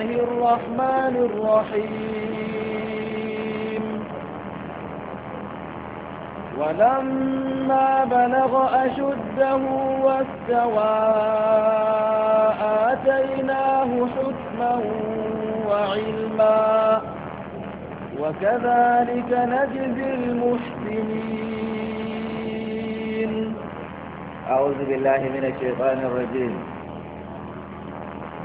الله الرحمن الرحيم ولما بلغ أشده واستوى آتيناه حكما وعلما وكذلك نجزي المحسنين أعوذ بالله من الشيطان الرجيم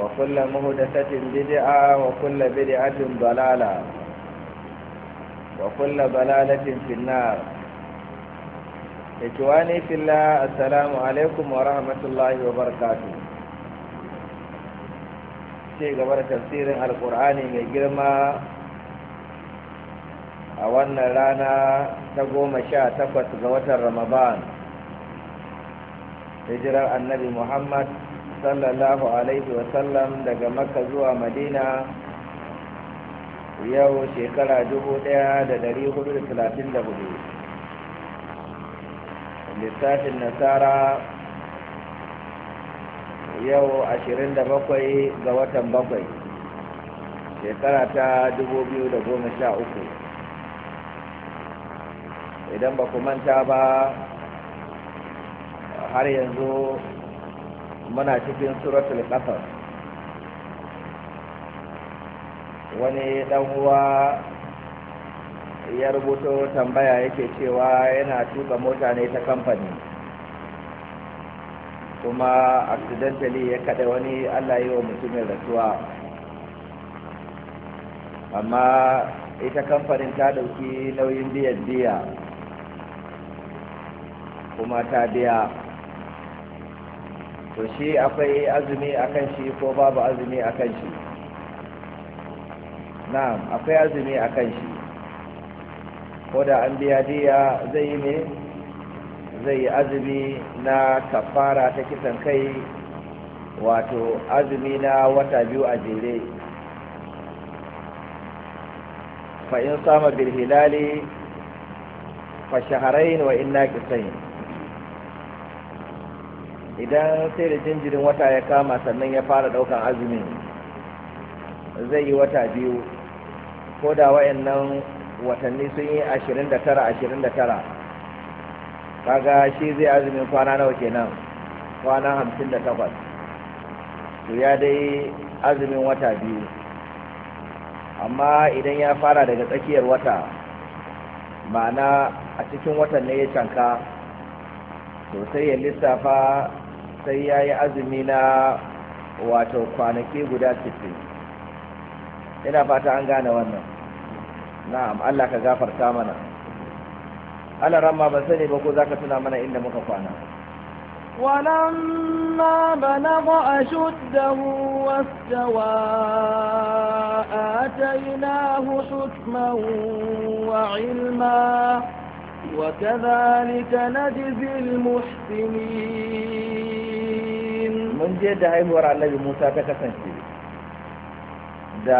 وكل مهدسة بدعة وكل بدعة ضلالة وكل ضلالة في النار إخواني في الله السلام عليكم ورحمة الله وبركاته شيء قبل تفسير القرآن من جرمى a wannan rana ta goma sha takwas ga watan ramadan hijirar annabi muhammad sallallahu alaihi wasallam daga makka zuwa madina yau shekara dubu ɗaya da hudu da hudu da hudu. lissafin nasara yau ashirin da bakwai ga watan bakwai shekara ta dubu biyu da goma sha uku. idan ba ku manta ba har yanzu muna cikin suratul qasas wani dan uwa ya rubuto tambaya yake cewa yana tuka mota ne ta kamfani kuma accidentally ya kada wani allah yi wa mutumin rasuwa amma ita kamfanin ta dauki nauyin biyan biya kuma ta biya to shi akwai azumi akan shi ko babu azumi akan shi na'am akwai azumi akan shi ko da an biya diya zai yi ne zai yi azumi na kafara ta kisan kai wato azumi na wata biyu a jere Fa in sama bilhilali fa shaharain wa inna kisayin idan sai da jinjirin wata ya kama sannan ya fara daukan azumin zai yi wata biyu ko da wayannan watanni sun yi ashirin da tara ashirin da tara kaga shi zai azumin kwana nawa kenan kwana hamsin da takwas to ya dai azumin wata biyu amma idan ya fara daga tsakiyar wata ma'ana a cikin watan ne ya canka to sai ya lissafa sai ya yi azumi na wato kwanaki guda sittin ina fata an gane wannan na'am Allah ka gafarta mana Allah ramma ban sani ba ko zaka tuna mana inda muka kwana ولما بلغ أشده واستوى آتيناه حكما وعلما وكذلك نجزي المحسنين mun je da haihuwar annabi musa ta kasance da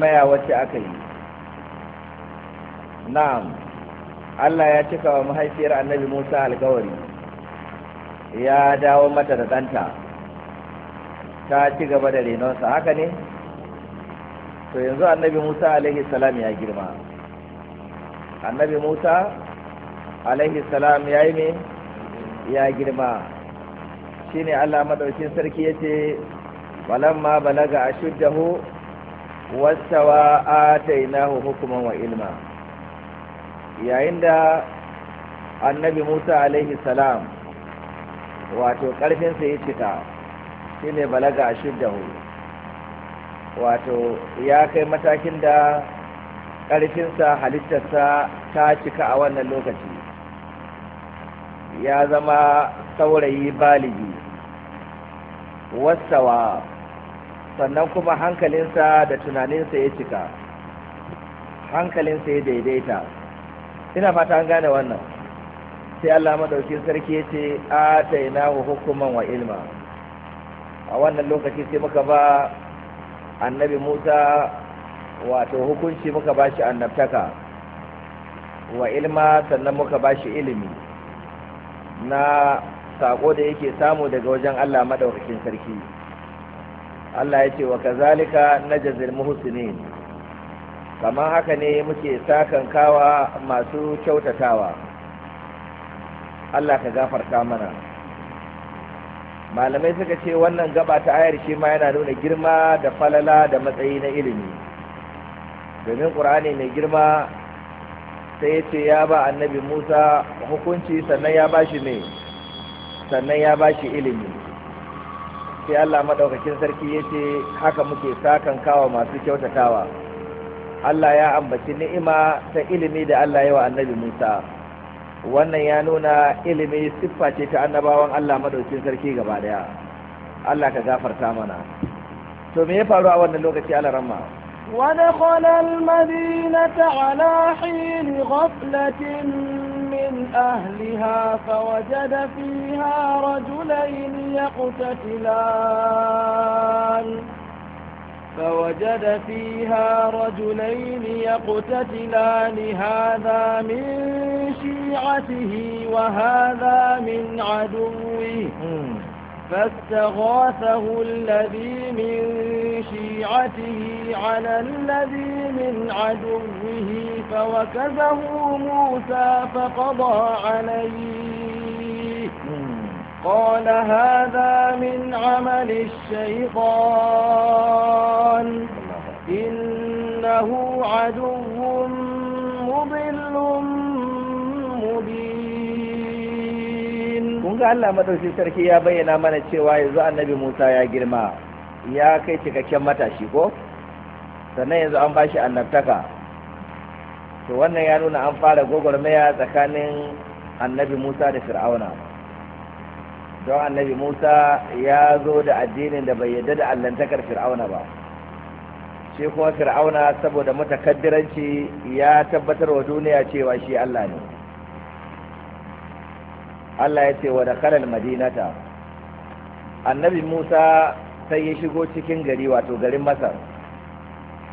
maya wacce aka yi na'am allah ya cika wa mahaifiyar annabi musa alkawari ya dawo mata da ɗanta ta ci gaba da renonsa haka ne to yanzu annabi musa alaihi salam ya girma annabi musa alaihi salam ya yi ne ya girma shine Allah madaukin sarki yace walamma balaga ashuddahu wastawa atainahu hukuman wa ilma yayin da annabi Musa alaihi salam wato karfin sa ya cika shine balaga ashuddahu wato ya kai matakin da karfin sa halittarsa ta cika a wannan lokaci ya zama saurayi baligi wasawa sannan kuma hankalinsa da tunaninsa ya cika hankalinsa ya daidaita ina fata an gane wannan sai Allah madauki sarki ya ce a tainahu hukuman wa ilma a wannan lokaci sai muka ba annabi Musa wato hukunci muka ba shi annabtaka wa ilma sannan muka ba shi ilimi na sako da yake samu daga wajen Allah madaukakin sarki Allah ya ce wa kazalika najzil muhsinin kamar haka ne muke sakan kawa masu kyautatawa Allah ka gafarta mana malamai suka ce wannan gaba ta ayar shi ma yana nuna girma da falala da matsayi na ilimi domin ƙur'ani mai girma sai ya ce ya ba annabi musa hukunci sannan ya ba shi mai sannan ya ba shi ilimi sai allah maɗaukakin sarki ya ce haka muke sakan kawa masu kyautatawa allah ya ambaci ni'ima ta ilimi da allah ya wa annabi musa wannan ya nuna ilimi siffa ce ta annabawan allah maɗaukakin sarki gaba ɗaya allah ka gafarta mana to me ya faru a wannan lokaci alarama. ودخل المدينة على حين غفلة من أهلها فوجد فيها رجلين يقتتلان فوجد فيها رجلين يقتتلان هذا من شيعته وهذا من عدوه فاستغاثه الذي من شيعته على الذي من عدوه فوكزه موسى فقضى عليه قال هذا من عمل الشيطان إنه عدو مضل ga Allah madaukakin sarki ya bayyana mana cewa yanzu annabi Musa ya girma ya kai cikakken matashi ko sannan yanzu an bashi annabtaka to wannan ya nuna an fara gwagwarmaya tsakanin annabi Musa da Fir'auna don annabi Musa ya zo da addinin da bai yarda da allantakar Fir'auna ba shi kuma Fir'auna saboda matakaddiranci ya tabbatar wa duniya cewa shi Allah ne Allah ya ce wa da kalal madinata annabi Musa sai ya shigo cikin gari wato garin Masar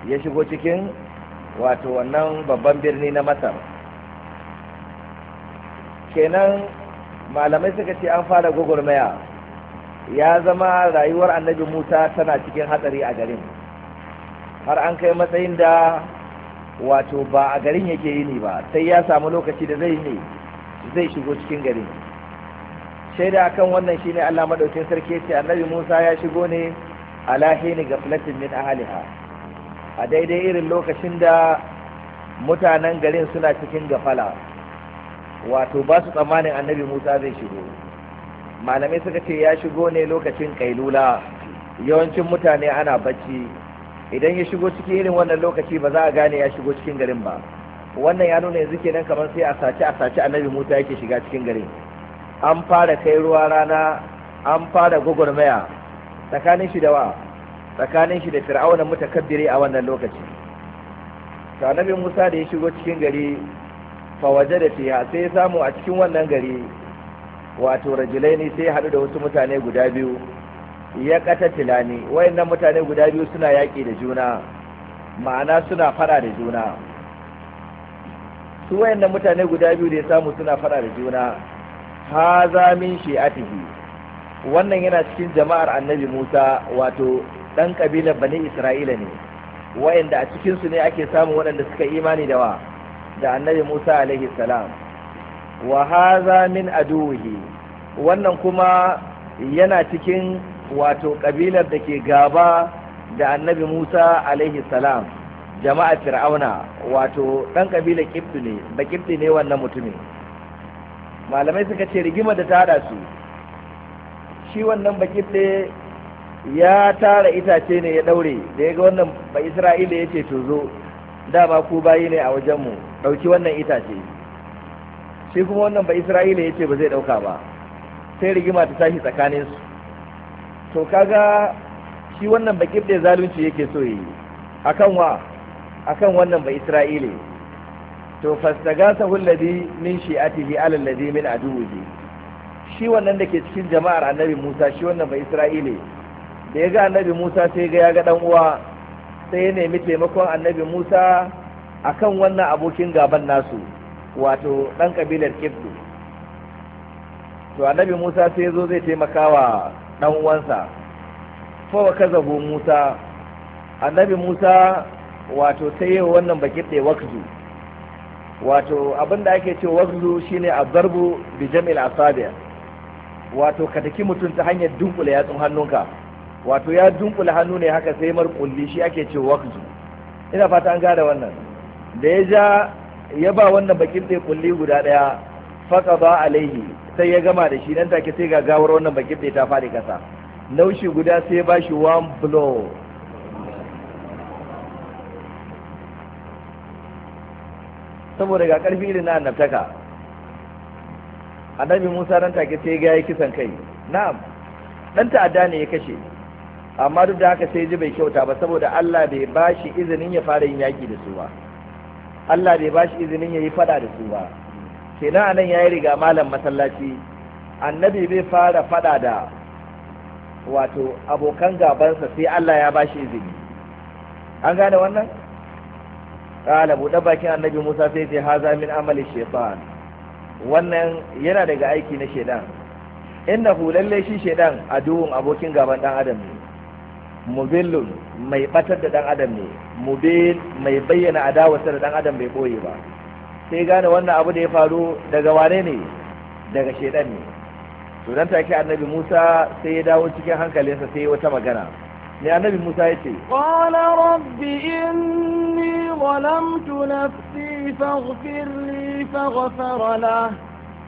ya shigo cikin wato wannan babban birni na Masar kenan malamai suka ce an fara gwagwarmaya ya zama rayuwar annabi Musa tana cikin hatsari a garin har an kai matsayin da wato ba a garin yake yini ba sai ya samu lokaci da zai ne zai shigo cikin garin shaida akan wannan shine Allah madaukakin sarki yace annabi Musa ya shigo ne ala ga gaflatin min ahliha a daidai irin lokacin da mutanen garin suna cikin gafala wato ba su tsammanin annabi Musa zai shigo malamai suka ce ya shigo ne lokacin kailula yawancin mutane ana bacci idan ya shigo cikin irin wannan lokaci ba za a gane ya shigo cikin garin ba wannan ya nuna yanzu kenan kamar sai a sace a sace annabi Musa yake shiga cikin garin an fara kai ruwa rana an fara gugurmaya tsakanin shi da wa tsakanin shi da fir'auna mutakabbiri a wannan lokaci to annabi Musa da ya shigo cikin gari fa wajada fiha sai ya samu a cikin wannan gari wato rajulaini sai ya hadu da wasu mutane guda biyu ya kata tilani wayannan mutane guda biyu suna yaƙi da juna ma'ana suna fara da juna su wayannan mutane guda biyu da ya samu suna fara da juna haza min shi'atihi wannan yana cikin jama'ar annabi Musa wato dan kabilar bani Isra'ila ne wayanda a cikinsu ne ake samun waɗanda suka imani da wa da annabi Musa alaihi salam wa haza min aduhi wannan kuma yana cikin wato kabilar da ke gaba da annabi Musa alaihi salam jama'ar fir'auna wato dan kabilar kibdu ne ba ne wannan mutumin malamai suka ce rigima da ta hada su shi wannan da ya tara itace ne ya daure da ya ga wannan ba isra'ila ya ce to zo dama ku bayi ne a wajenmu ɗauki wannan itace shi kuma wannan ba isra'ila ya ce ba zai ɗauka ba sai rigima ta tashi tsakaninsu to kaga shi wannan da zalunci yake so yi akan wa akan wannan ba isra'ila to fastagasahu alladhi min shi'atihi ala alladhi min aduwwihi shi wannan da ke cikin jama'ar annabi Musa shi wannan bai Isra'ile da ya ga annabi Musa sai ga ya ga dan uwa sai ya nemi taimakon annabi Musa akan wannan abokin gaban nasu wato dan kabilar Kibdu to annabi Musa sai zo zai taimaka wa dan uwansa fa wa kazabu Musa annabi Musa wato sai yayin wannan bakin da wakzu wato abin da ake ce wazlu shine azarbu bi jam'il asabi wato ka daki mutum ta hanyar dunkule yatsun hannunka wato ya dunkule hannu ne haka sai mar shi ake ce wazlu ina fata an gane wannan da ya ja ya ba wannan bakin ɗaya kulli guda ɗaya faka ba alaihi sai ya gama da shi nan take sai ga gawar wannan bakin ɗaya ta faɗi ƙasa naushi guda sai ba shi one blow saboda ga karfi irin na annabtaka annabi musa nan take sai ga ya kisan kai na'am dan ta'adda ne ya kashe amma duk da haka sai ji bai kyauta ba saboda Allah bai ba shi izinin ya fara yin yaki da su ba Allah bai ba shi izinin ya yi fada da su ba kenan anan ya yi riga malam masallaci annabi bai fara fada da wato abokan gabansa sai Allah ya ba shi izini an gane wannan qala buɗe bakin annabi Musa sai ce haza min amali shaytan wannan yana daga aiki na Inna innahu lalle shi a duhun abokin gaban dan adam ne mubillun mai batar da dan adam ne mubil mai bayyana adawarsa da dan adam bai ɓoye ba sai gane wannan abu da ya faru daga wane ne daga ne to dan take annabi Musa sai ya dawo cikin hankalinsa sai wata magana ne annabi Musa ya ce qala rabbi inni zalamtu nafsi faghfir li faghfara lah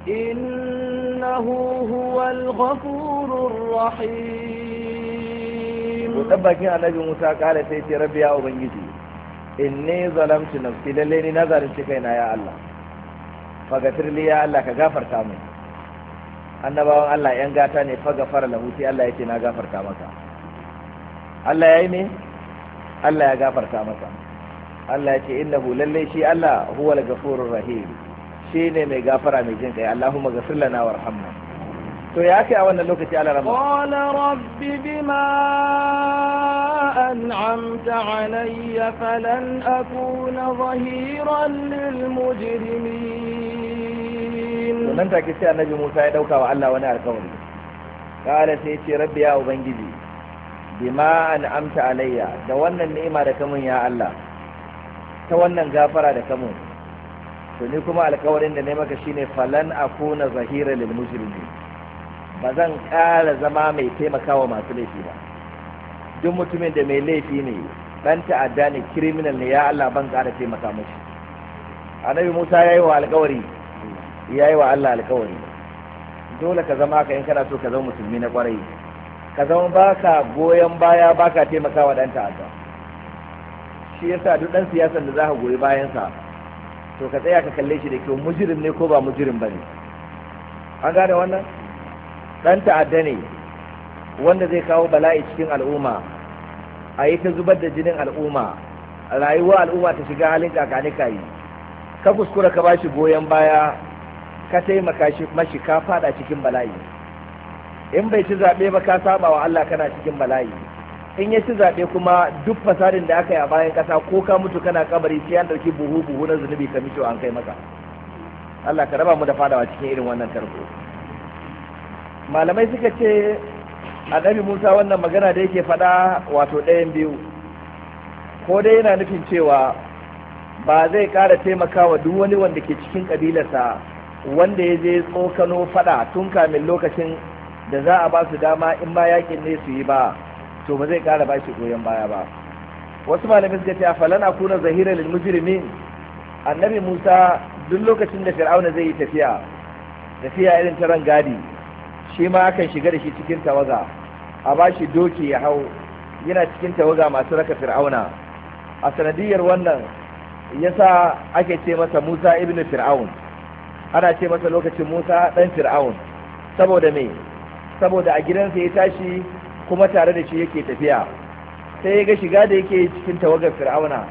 innahu huwal ghafurur rahim to tabbakin annabi Musa kala sai ce rabbi ya ubangiji inni zalamtu nafsi lalle ni na zalunci kaina ya Allah faghfir li ya Allah ka gafarta min annabawan Allah yan gata ne faghfara lahu sai Allah yake na gafarta maka Allah ya yi ne Allah ya gafarta masa Allah ya ce hu lallai shi Allah huwa daga ghafurur rahim shi ne mai gafara mai jin kai Allahumma ghafir lana warhamna to ya kai a wannan lokaci Allah rabbi qala rabbi bima an'amta alayya falan akuna zahiran lil mujrimin nan take sai annabi Musa ya ɗauka wa Allah wani alƙawari qala sai ce rabbi ya ubangiji bima an amta alayya da wannan ni'ima da kamun ya Allah ta wannan gafara da kamun to ni kuma alkawarin da ne maka shine falan akuna zahira lil mujrimin ba zan ƙara zama mai taimakawa masu laifi ba duk mutumin da mai laifi ne dan ta'adda ne criminal ne ya Allah ban ƙara taimaka mashi annabi Musa yayi wa alkawari yayi wa Allah alkawari dole ka zama ka in kana so ka zama musulmi na kwarai ka zama ba ka goyon baya ba baka taimakawa ɗan ta'adda shi yasa duk ɗan siyasan da za ka goyi bayansa, to ka tsaya ka kalle shi da kyau mujirin ne ko ba mujirin ba ne. an gane wannan Ɗan ta'adda ne wanda zai kawo bala'i cikin al'umma a yi ta zubar da jinin al'umma rayuwa al'umma ta shiga halin kakanika yi ka kuskura ka bashi goyon baya ka taimaka shi mashi ka faɗa cikin bala'i in bai ci zaɓe ba ka saba wa Allah kana cikin bala'i in ya ci zaɓe kuma duk fasadin da aka yi a bayan ƙasa ko ka mutu kana kabari sai an ɗauki buhu buhu na zunubi ka mito an kai maka Allah ka raba mu da fadawa cikin irin wannan tarko malamai suka ce annabi Musa wannan magana da yake faɗa wato ɗayan biyu ko dai yana nufin cewa ba zai ƙara taimakawa duk wani wanda ke cikin ƙabilarsa wanda ya je tsokano faɗa tun kamin lokacin da za a ba su dama in ma yakin ne su yi ba to ba zai kara ba shi goyon baya ba wasu malamin suka ce a falan a kuna zahira lil mujrimin annabi Musa duk lokacin da Fir'auna zai yi tafiya tafiya irin ta rangadi shi ma akan shiga da shi cikin tawaga a ba shi doki ya hau yana cikin tawaga masu raka Fir'auna a sanadiyar wannan yasa ake ce masa Musa ibnu Fir'aun ana ce masa lokacin Musa dan Fir'aun saboda me saboda a gidansa ya tashi kuma tare da shi yake tafiya sai ya ga shiga da yake cikin tawagar fir'auna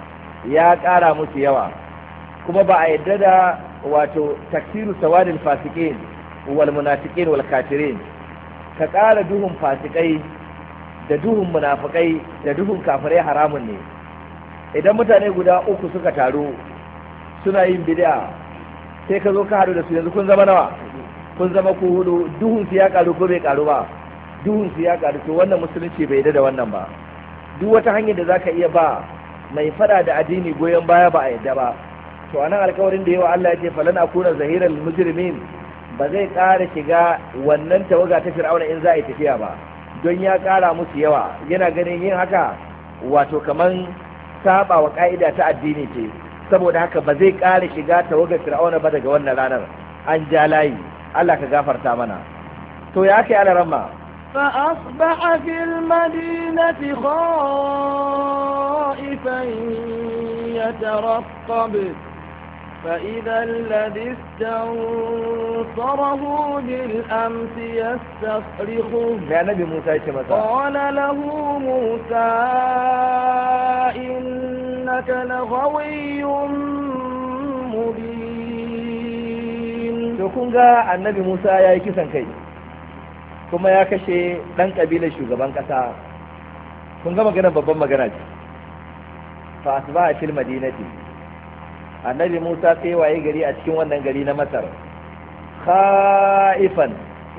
ya ƙara musu yawa kuma ba a yadda da wato taksiru sawadin fasikin wal munafiqin wal kafirin ka ƙara duhun fasikai da duhun munafikai da duhun kafirai haramun ne idan mutane guda uku suka taru suna yin bid'a sai ka zo ka haɗu da su yanzu kun zama nawa kun zama ku hudu duhun su ya karu ko bai karu ba duhun su ya karu to wannan musulunci bai da wannan ba duk wata hanyar da zaka iya ba mai fada da addini goyon baya ba a yadda ba to anan alkawarin da yawa Allah ya ce falan akuna zahiran mujrimin ba zai ƙara shiga wannan tawaga ta fir'auna in za a yi tafiya ba don ya ƙara musu yawa yana ganin yin haka wato kaman saba wa ka'ida ta addini ce saboda haka ba zai ƙara shiga tawagar fir'auna ba daga wannan ranar an ja layi Allah ka gafarta mana to ya kai ala ramma fa asbaha fil madinati khaifan yatarqab فإذا الذي استنصره بالأمس يستصرخه يا نبي موسى قال له موسى إنك لغوي مبين to kun ga annabi musa ya yi kisan kai kuma ya kashe ɗan ƙabilar shugaban ƙasa kun ga maganar babban magana ce fa asba a fil madinati annabi musa sai waye gari a cikin wannan gari na masar khaifan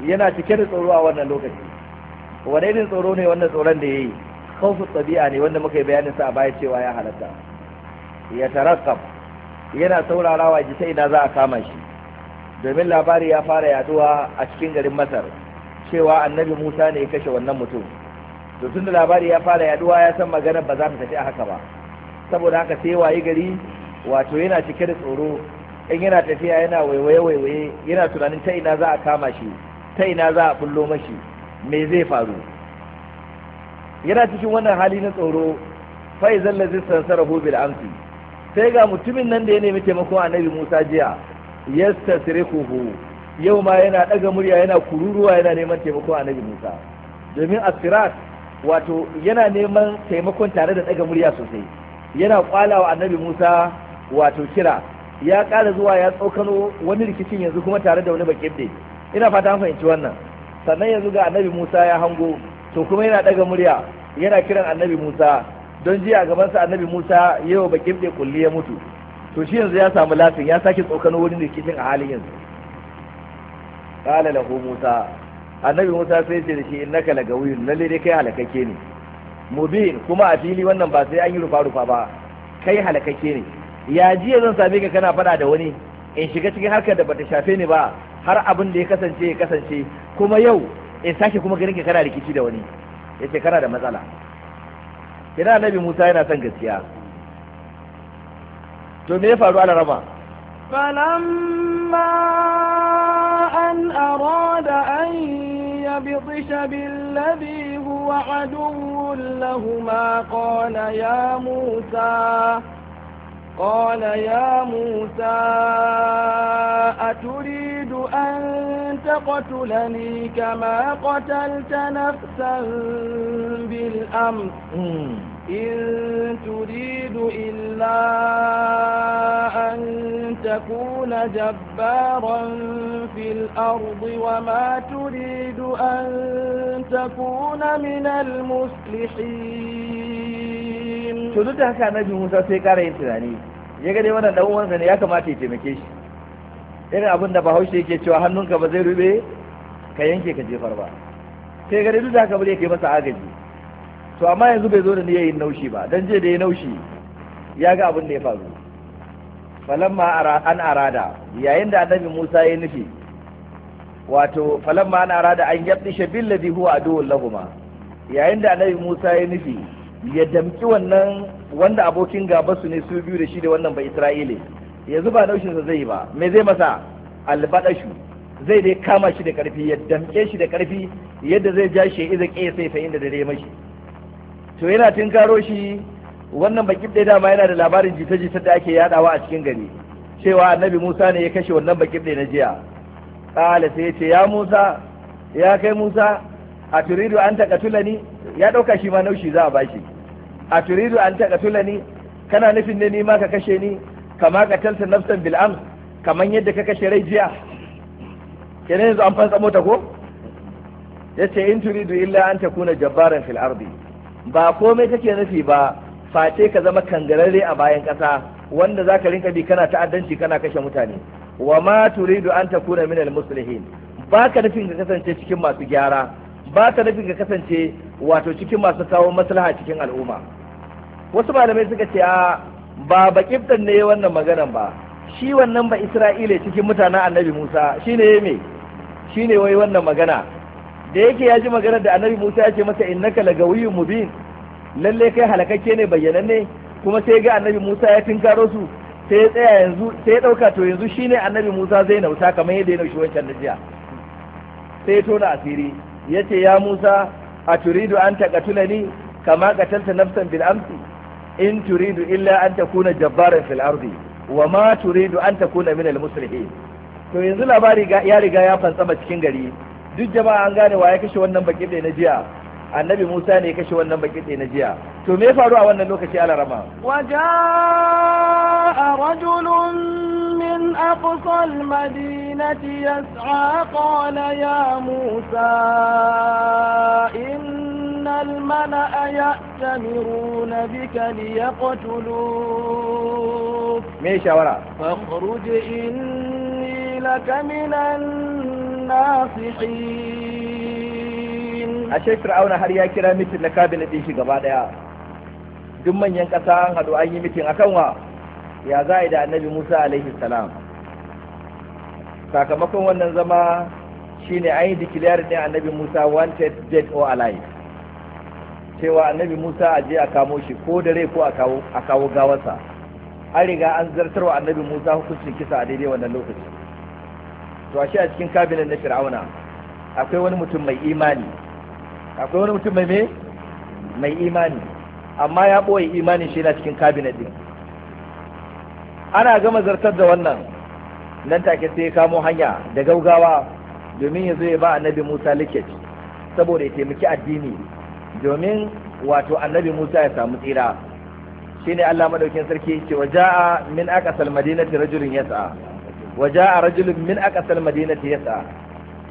yana cike da tsoro a wannan lokaci Wane irin tsoro ne wannan tsoron da yayi khawfu tabi'a ne wanda muka yi bayanin sa a baya cewa ya halatta ya tarakkab yana saurarawa ji sai ina za a kama shi domin labari ya fara yaduwa a cikin garin masar cewa annabi musa ne ya kashe wannan mutum to tun labari ya fara yaduwa ya san maganar ba za ta tafi a haka ba saboda haka sai waye gari wato yana cike da tsoro in yana tafiya yana waiwaye waiwaye yana tunanin ta ina za a kama shi ta ina za a bullo mashi me zai faru yana cikin wannan hali na tsoro fa'izan izal sarrafo sansarahu bil amsi sai ga mutumin nan da ya nemi taimakon annabi Musa jiya yastasrikuhu yau ma yana daga murya yana kururuwa yana neman taimako annabi Musa domin asirat wato yana neman taimakon tare da daga murya sosai yana kwalawa annabi Musa wato kira ya ƙara zuwa ya tsokano wani rikicin yanzu kuma tare da wani bakin ina fata an fahimci wannan sannan yanzu ga annabi Musa ya hango to kuma yana daga murya yana kiran annabi Musa don jiya gabansa annabi Musa yau bakin kulli ya mutu to shi yanzu ya samu lafin ya sake tsokano wurin rikicin a halin yanzu qala lahu musa annabi musa sai ce da shi laga lagawiyun lalle dai kai halakakke ne mubin kuma a fili wannan ba sai an yi rufa rufa ba kai halakakke ne ya jiya zan same ka kana fada da wani in shiga cikin harkar da bata shafe ni ba har abin da ya kasance ya kasance kuma yau in sake kuma ganin ka kana rikici da wani yace kana da matsala kina annabi musa yana son gaskiya to me ya faru a laraba falamma an arada an yabtisha billadhi huwa aduwwun lahum qala ya musa qala ya musa aturidu an taqtulani kama qataltan nafsan bil amr mm. In tuɗiɗu illa an takuna jabbaron filar zuwa ma tuɗiɗu an takuna minal musluxin. To duk da haka Hanzu Musa, sai ya ƙara yin tunani, ya kamata ya taima keshi. Irin abun da Bahaushe ke cewa hannunka ba zai ruɓe ka yanke ka jefar ba. Kai gade du da haka Burya ke masa agaji. to amma yanzu bai zo da niyyar yin naushi ba dan je da ya naushi ya ga abin da ya faru falamma an arada yayin da annabi Musa ya nufi wato falamma an arada an yabdisha ladhi huwa aduwwul lahumma yayin da annabi Musa ya nufi ya damki wannan wanda abokin gaba su ne su biyu da shi da wannan ba Isra'ile yanzu ba naushin sa zai ba me zai masa albadashu zai dai kama shi da karfi ya damke shi da karfi yadda zai ja shi idan ƙesa sai fa inda dare mashi to yana karo shi wannan bakin ɗaya dama yana da labarin jita-jita da ake yadawa a cikin gari cewa annabi musa ne ya kashe wannan bakin ɗaya na jiya ƙala sai ya ce ya musa ya kai musa a turidu an taka tulani. ya ɗauka shi ma naushi za a bashi a turidu an taka tulani kana nufin ne ni ma ka kashe ni kama ka talta nafsan bil'am kaman yadda ka kashe rai jiya kenan yanzu an fansa mota ko yace in turidu illa an takuna jabbaran fil ardi ba komai take nufi ba face ka zama kangararre a bayan ƙasa wanda za ka rinka bi kana ta'addanci kana kashe mutane wa ma turidu an takuna min al-muslihin ba ka nufin ka kasance cikin masu gyara ba ka nufin ka kasance wato cikin masu kawo maslaha cikin al'umma wasu malamai suka ce a ba baƙibtan ne wannan maganan ba shi wannan ba isra'ila cikin mutanen annabi musa shine me ne wai wannan magana da yake ya ji maganar da annabi Musa ya ce masa innaka lagawiyyun mubin lalle kai halakakke ne bayyananne kuma sai ga annabi Musa ya tinkaro su sai ya tsaya yanzu sai ya dauka to yanzu shine annabi Musa zai nauta kamar yadda ya naushi wancan najiya sai ya tona asiri yace ya Musa a turidu an ni kama qatalta nafsan bil amsi in turidu illa an takuna jabbaran fil ardi wa ma turidu an takuna min al muslihin to yanzu labari ya riga ya fantsama cikin gari duk jama'a an gane wa ya kashe wannan bakin da na jiya annabi musa ne ya kashe wannan bakin da na jiya to me ya faru a wannan lokaci ala rama waja a rajulun min aqsal madinati yas'a ya musa innal mala'a ya'tamiruna bika liyaqtuluk me shawara fa khruj inni lakaminan الناصحين أشي فرعون kira يا كرا kabila din ديشي gaba ديا duk manyan ƙasa an haɗu an yi mitin akan wa ya za annabi musa alaihi salam sakamakon wannan zama shine an yi declare din annabi musa wanted dead or alive cewa annabi musa a je a kamo shi ko da rai ko a kawo gawarsa an riga an zartarwa annabi musa hukuncin kisa a daidai wannan lokaci to ashe a cikin kabinet na fir'auna akwai wani mutum mai imani akwai wani mutum mai mai imani amma ya boye imanin shi na cikin kabinet din ana gama zartar da wannan nan take sai ya kamo hanya da gaugawa domin ya zo ya ba annabi Musa liket saboda ya taimaki addini domin wato annabi Musa ya samu tsira shine Allah madaukin sarki ce wa ja'a min aqsal madinati rajulun yas'a وجاء رجل من أقصى المدينة يسعى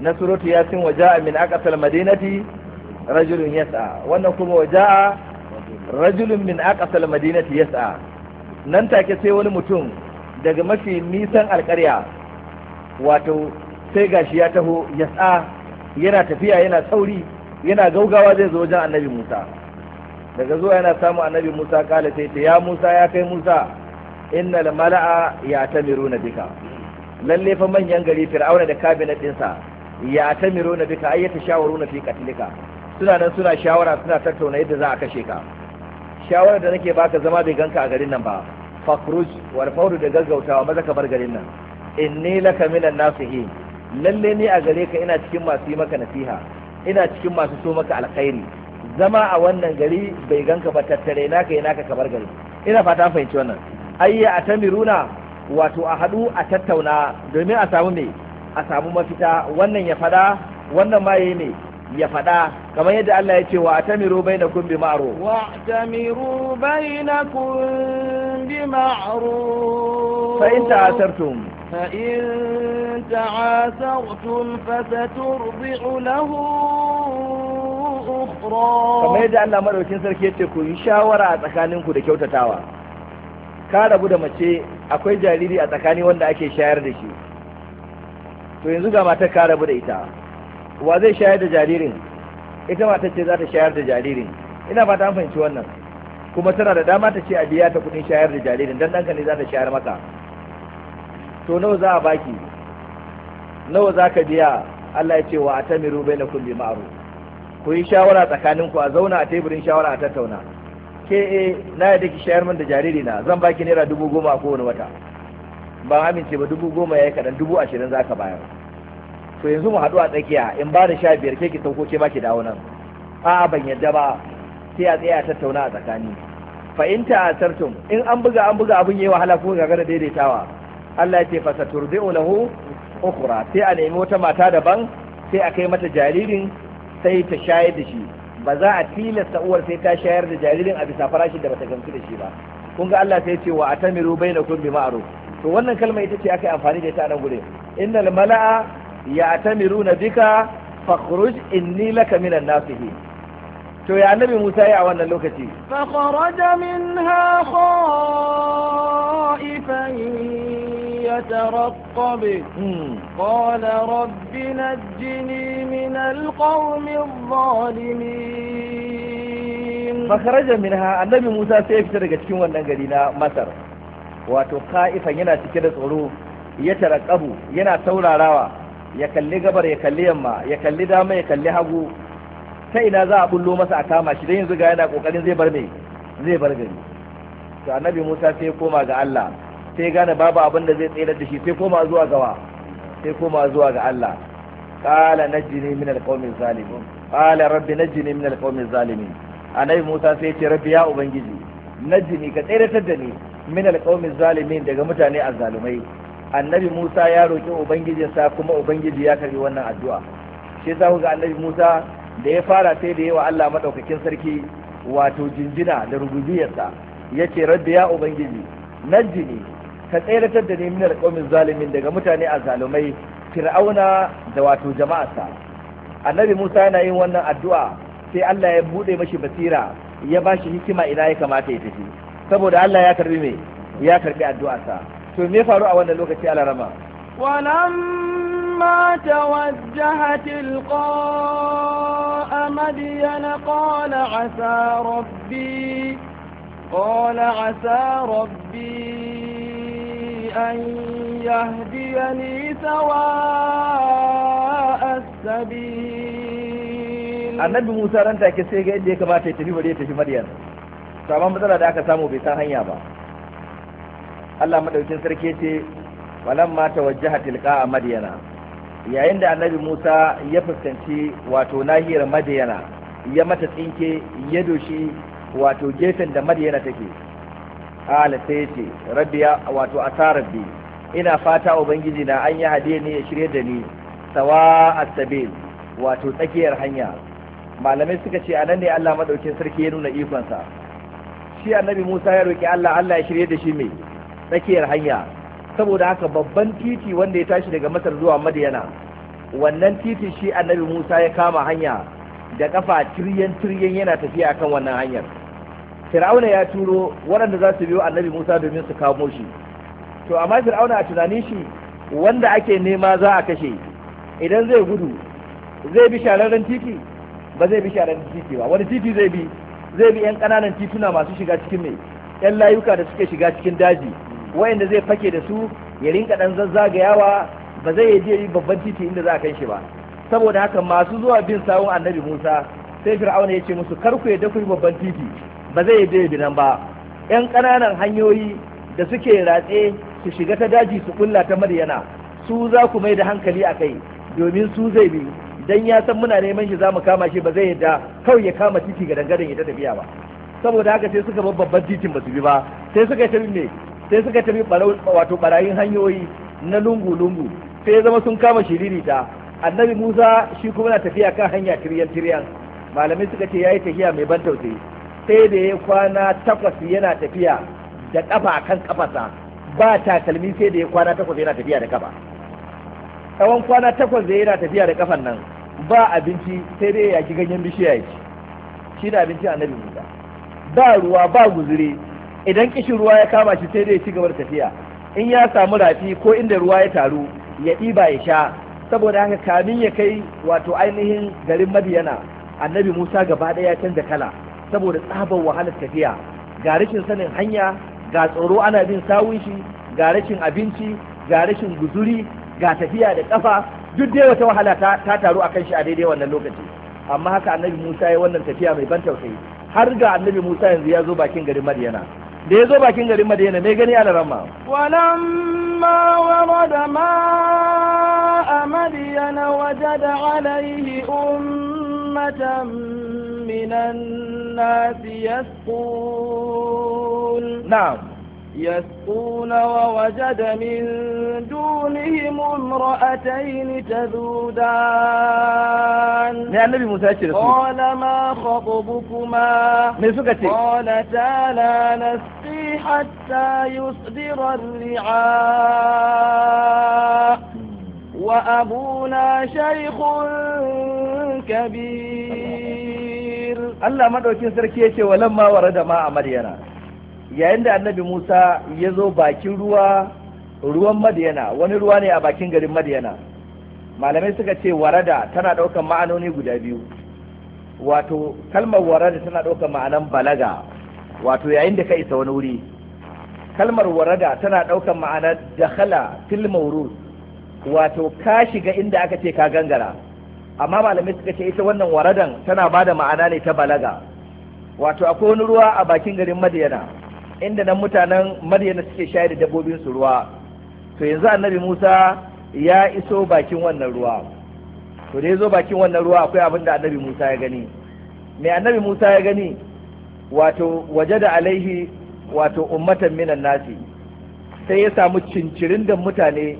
نسرة ياسين وجاء من أقصى المدينة رجل يسعى ونقوم وجاء رجل من أقصى المدينة يسعى ننتك سيوان متون daga mafi nisan alkarya wato sai gashi ya taho yas'a yana tafiya yana sauri yana gaugawa zai zo wajen annabi musa daga zuwa yana samun annabi musa kala sai ta ya musa ya kai musa innal mala'a ya tamiru na bika lalle fa manyan gari fir'auna da kabinet ɗinsa ya ta miro na ka ayyata shawaru na fi katlika suna nan suna shawara suna tattauna yadda za a kashe ka shawarar da nake baka zama bai ganka a garin nan ba fakruj war fawdu da gaggautawa maza ka bar garin nan inni laka minan nasihi lalle ni a gare ka ina cikin masu yi maka nasiha ina cikin masu so maka alkhairi zama a wannan gari bai ganka ba tattare naka yi naka kamar gari ina fata fahimci wannan ayya atamiruna wato a haɗu a tattauna domin a samu ne a samu mafita wannan ya faɗa wannan ma yayi ne ya faɗa kamar yadda Allah ya ce wa atamiru bainakum bi ma'ruf wa atamiru bainakum bi ma'ruf fa in ta'asartum فإن تعاثرتم فسترضع له أخرى kamar yadda Allah madaukin sarki yace ku yi shawara a tsakaninku da kyautatawa ka rabu da mace akwai jariri a tsakani wanda ake shayar da shi to yanzu ga matar ka rabu da ita wa zai shayar da jaririn ita matar ce za ta shayar da jaririn ina fata an fahimci wannan kuma tana da dama ta ce a biya ta kudin shayar da jaririn dan danka ne za ta shayar maka to nawa za a baki nawa za ka biya Allah ya ce wa atamiru bainakum bi ma'ruf ku yi shawara tsakaninku a zauna a teburin shawara a tattauna ke eh, na yadda ki shayar min da jariri na zan baki naira dubu goma a kowane wata ban amince ba dubu goma ya yi kaɗan dubu ashirin za ka bayar to yanzu mu haɗu a tsakiya in ba da sha biyar ke ki sauko ke ba ki dawo nan a'a ban yadda ba sai a tsaya a tattauna a tsakani fa in ta asartum in an buga an buga abin yi wahala ko gagara daidaitawa Allah ya ce fa saturdi'u lahu ukhra sai a nemi wata mata daban sai a kai mata jaririn sai ta shayar da shi ba za a tilasta uwar sai ta shayar da jaririn a bisa farashin da bata gamsu da shi ba kun ga Allah sai ce wa atamiru bainakum bi ma'ruf to wannan kalma ita ce aka yi amfani da ita a nan gurin innal mala'a ya'tamiruna bika fakhruj inni laka minan nasihin to ya annabi Musa ya a wannan lokaci fa minha khaifan يترقب hmm. قال رب نجني من القوم الظالمين فخرج منها النبي موسى سيفتر كتكين وننقلنا مصر wato ka'ifan yana cike da tsoro ya tarakabu yana taurarawa ya kalli gabar ya kalli yamma ya kalli dama ya kalli hagu ta ina za a bullo masa a kama shi don yanzu ga yana kokarin zai bar me zai bar gari to annabi Musa sai ya koma ga Allah sai gane babu abin da zai tsere da shi sai koma zuwa gawa sai koma zuwa ga Allah qala najini min alqawmi zalimin qala rabbi najini min alqawmi zalimin anai Musa sai ce rabbi ya ubangiji najini ka tsayar da ni min alqawmi zalimin daga mutane azzalumai annabi Musa ya roki ubangijinsa kuma ubangiji ya karbi wannan addu'a sai za ku ga annabi Musa da ya fara sai da yawa Allah madaukakin sarki wato jinjina da rububiyarsa yace rabbi ya ubangiji najini ka tseratar da ni minar qaumin zalimin daga mutane a zalumai fir'auna da wato jama'arsa annabi Musa yana yin wannan addu'a sai Allah ya buɗe mashi basira ya bashi hikima ina ya kamata ya tafi saboda Allah ya karbi me ya karbi addu'arsa to me faru a wannan lokaci alarama ولما توجه تلقاء مدين قال عسى ربي قال عسى ربي أن يهديني سواء السبيل النبي موسى رانتا كسي كسيغا إدي كما تتفي وليه تفي مدين سواء بدلا دا كسامو بيسان هنيا با الله مدعو مدوكين سركيتي ولما توجه تلقاء مدينة yayin da annabi Musa ya fuskanci wato nahiyar Madiyana ya mata tsinke ya doshi wato gefen da Madiyana take ala sai ce rabbi ya wato asa ina fata ubangiji na an yi hadiya ne ya shirye da ni sawa a wato tsakiyar hanya malamai suka ce anan ne Allah madaukin sarki ya nuna ikonsa shi annabi Musa ya roki Allah Allah ya shirye da shi mai tsakiyar hanya saboda haka babban titi wanda ya tashi daga Masar zuwa Madiyana wannan titi shi annabi Musa ya kama hanya da kafa tiryan tiryan yana tafiya akan wannan hanyar fir'auna ya turo waɗanda za su biyo annabi musa domin su kamo shi to amma fir'auna a tunanin shi wanda ake nema za a kashe idan zai gudu zai bi shararren titi ba zai bi shararren titi ba wani titi zai bi zai bi yan ƙananan tituna masu shiga cikin mai yan layuka da suke shiga cikin daji wayanda zai fake da su ya rinka ɗan zazzagayawa ba zai je yi babban titi inda za a kai shi ba saboda haka masu zuwa bin sawun annabi musa sai fir'auna ya ce musu kar ku yadda ku yi babban titi ba zai je nan ba yan ƙananan hanyoyi da suke ratse su shiga ta daji su kulla ta maryana su za ku mai da hankali a kai domin su zai bi don ya san muna neman shi za mu kama shi ba zai yadda kawai ya kama titi ga dangaren ita tafiya ba saboda haka sai suka bar babban titin ba su bi ba sai suka tafi me sai suka tafi wato barayin hanyoyi na lungu lungu sai zama sun kama shiririta annabi musa shi kuma na tafiya kan hanya tiriyan tiriyan malamai suka ce ya yi tafiya mai ban tausayi sai da ya kwana takwas yana tafiya da kafa kan kafasa ba takalmi sai da ya kwana takwas yana tafiya da kafa tsawon kwana takwas da yana tafiya da kafan nan ba abinci sai dai ya ki ganyen bishiya ya ci shi da abinci annabi Musa ba ruwa ba guzuri idan kishin ruwa ya kama shi sai dai ya ci gaba da tafiya in ya samu rafi ko inda ruwa ya taru ya ɗiba ya sha saboda haka kamin ya kai wato ainihin garin madiyana annabi Musa gaba ɗaya ya canza kala saboda tsabar wahalar tafiya ga rashin sanin hanya ga tsoro ana bin sawun shi ga rashin abinci ga rashin guzuri ga tafiya da kafa duk dai wata wahala ta taru akan shi a daidai wannan lokaci amma haka annabi Musa ya wannan tafiya mai ban tausayi har ga annabi Musa yanzu ya zo bakin garin Madiyana da ya zo bakin garin Madiyana mai gani ala ramma walamma warada ma a Madiyana wajada alaihi ummatan من الناس يسقون نعم يسقون ووجد من دونهم امرأتين تذودان يا نعم، النبي موسى قال ما خطبكما قالتا لا نسقي حتى يصدر الرعاء وأبونا شيخ كبير Allah madaukin sarki مدوكين walan ma warada ma a Madyana yayin da annabi Musa ya zo bakin ruwa ruwan Madyana wani ruwa ne a bakin garin madyana malamai suka ce warada tana ɗaukar ma'anoni guda biyu wato kalmar warada tana ɗaukar ma'anan balaga wato yayin da ka isa wani wuri kalmar warada tana ɗaukar ma'anar dakhala fil mawrud wato ka shiga inda aka ce ka gangara amma malamai suka ce ita wannan waradan tana ba da ma'ana ne ta balaga wato akwai wani ruwa a bakin garin madiyana inda nan mutanen madiyana suke shayar da dabbobin su ruwa to yanzu annabi musa ya iso bakin wannan ruwa to da ya zo bakin wannan ruwa akwai abin da annabi musa ya gani mai annabi musa ya gani wato waje da alaihi wato ummatan minan nasi sai ya samu cincirin da mutane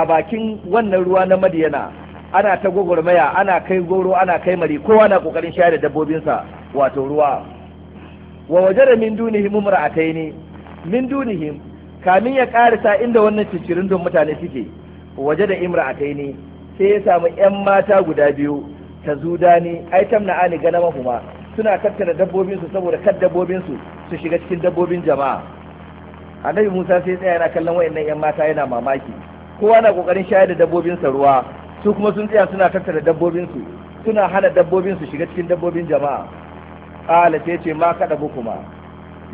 a bakin wannan ruwa na madiyana ana ta gwagwarmaya ana kai goro ana kai mari kowa na kokarin share dabbobinsa wato ruwa wa wajara min dunihim min dunihim kamin ya karisa inda wannan cicirin don mutane suke waje da imra'ataini sai ya samu yan mata guda biyu ta zudani ai tamna ani gana mahuma suna tattara dabbobinsu saboda kad dabbobinsu su shiga cikin dabbobin jama'a annabi musa sai tsaya yana kallon wayannan yan mata yana mamaki kowa na kokarin shayar da dabbobinsa ruwa su kuma sun tsaya suna tattara dabbobinsu suna hana dabbobinsu shiga cikin dabbobin jama'a ƙala ce ce ma kaɗa ku kuma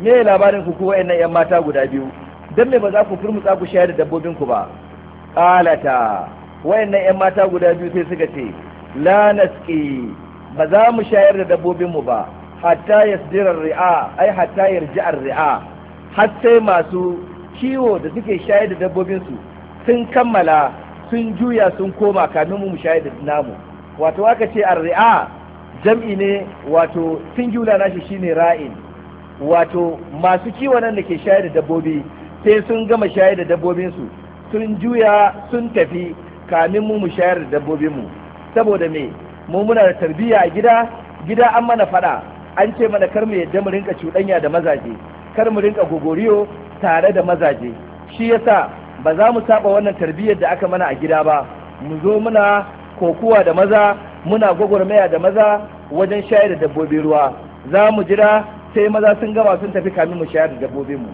me labarin ku kuwa yan yan mata guda biyu dan me ba za ku furmutsa ku shayar da dabbobinku ba ƙala ta wayannan yan mata guda biyu sai suka ce la naski ba za mu shayar da dabbobinmu ba hatta yasdirar ri'a ai hatta yarji'ar ri'a har sai masu kiwo da suke shayar da dabbobinsu sun kammala sun juya sun koma kamin mu mushahid namu wato aka ce a ria jam'i ne wato singular nashi shine ra'in wato masu kiwo nan da ke shayar da dabbobi sai sun gama shayar da dabbobinsu sun juya sun tafi kamin mu shayar da mu saboda me mu muna da tarbiyya a gida gida an mana fada an ce mana kar mu yadda mu rinka cuɗanya da mazaje kar mu rinka gogoriyo tare da mazaje shi yasa ba za mu saba wannan tarbiyyar da aka mana a gida ba mu zo muna kokuwa da maza muna gwagwarmaya da maza wajen shayar da dabbobi ruwa za mu jira sai maza sun gama sun tafi kamin mu shayar da dabbobinmu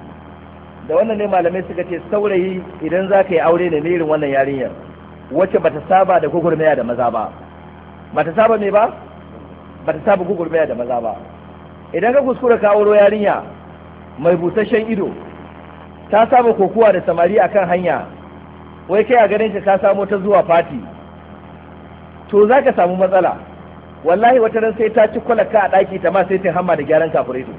da wannan ne malamai suka ce saurayi idan za ka yi aure ne irin wannan yarinyar wacce bata saba da gwagwarmaya da maza ba bata saba me ba bata saba gwagwarmaya da maza ba idan ka kuskura ka auro yarinya mai busasshen ido ta saba kokuwa da samari a kan hanya wai kai a ganin ka samo ta zuwa fati to za ka samu matsala wallahi wata ran sai ta ci kwalaka a ɗaki ta ma sai ta hamma da gyaran kafureto